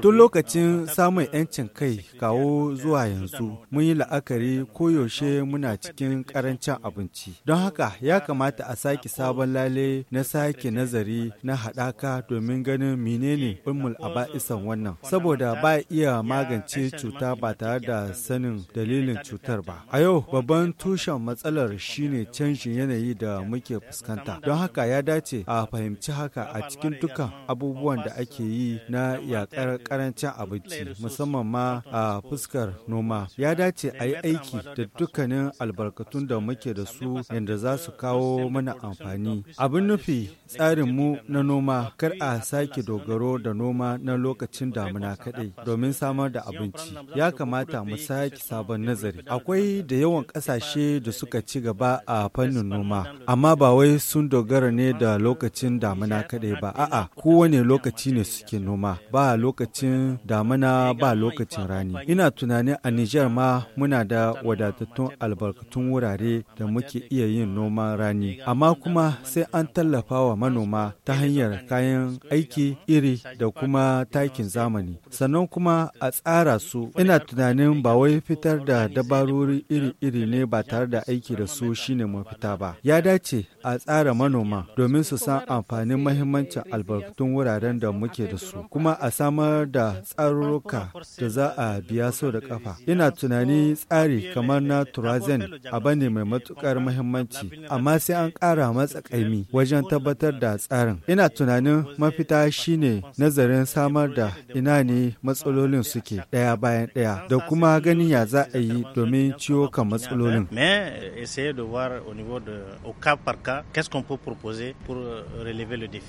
Tun lokacin samun 'yancin kai kawo zuwa yanzu mun yi la'akari koyaushe muna cikin karancin abinci. Don haka ya kamata a sake sabon lale na sake nazari na haɗaka domin ganin menene ummul aba'isan wannan. Saboda ba iya magance cuta ba tare da sanin dalilin cutar ba. A yau babban tushen matsalar shine canjin yanayi da muke fuskanta. Don haka ya dace a fahimci haka a cikin dukkan abubuwan da ake ake yi na yakar karancin abinci musamman ma a fuskar noma ya dace a yi aiki da dukkanin albarkatun da muke da su yadda za su kawo mana amfani abin nufi tsarinmu na noma kar a sake dogaro da noma na lokacin damuna kaɗai domin samar da abinci ya kamata mu sake sabon nazari akwai da yawan ƙasashe da suka ci gaba a fannin noma amma ba wai sun dogara ne da lokacin damuna kaɗai ba a'a kowane lokaci ne ne suke noma ba lokacin damuna ba lokacin rani ina tunanin a Nijar ma muna da wadatattun albarkatun wurare da muke iya yin noman rani amma kuma sai an tallafa wa manoma ta hanyar kayan aiki iri da kuma takin zamani sannan kuma a tsara su ina tunanin ba wai fitar da dabarori iri-iri ne ba tare da aiki da su shine mafita ba ya dace a tsara manoma domin su san amfanin mahimmancin albarkatun wuraren da muke da su kuma a samar da tsaruruka da za a biya sau da kafa ina tunani tsari kamar na turazen abu ne mai matukar muhimmanci amma sai an ƙara matsakaimi wajen tabbatar da tsarin ina tunanin mafita shine nazarin samar da ina ne matsalolin suke ɗaya bayan ɗaya da kuma ganin ya za a yi domin ciwo kan matsalolin essayer de voir au niveau de qu'est-ce qu'on peut proposer pour relever le défi.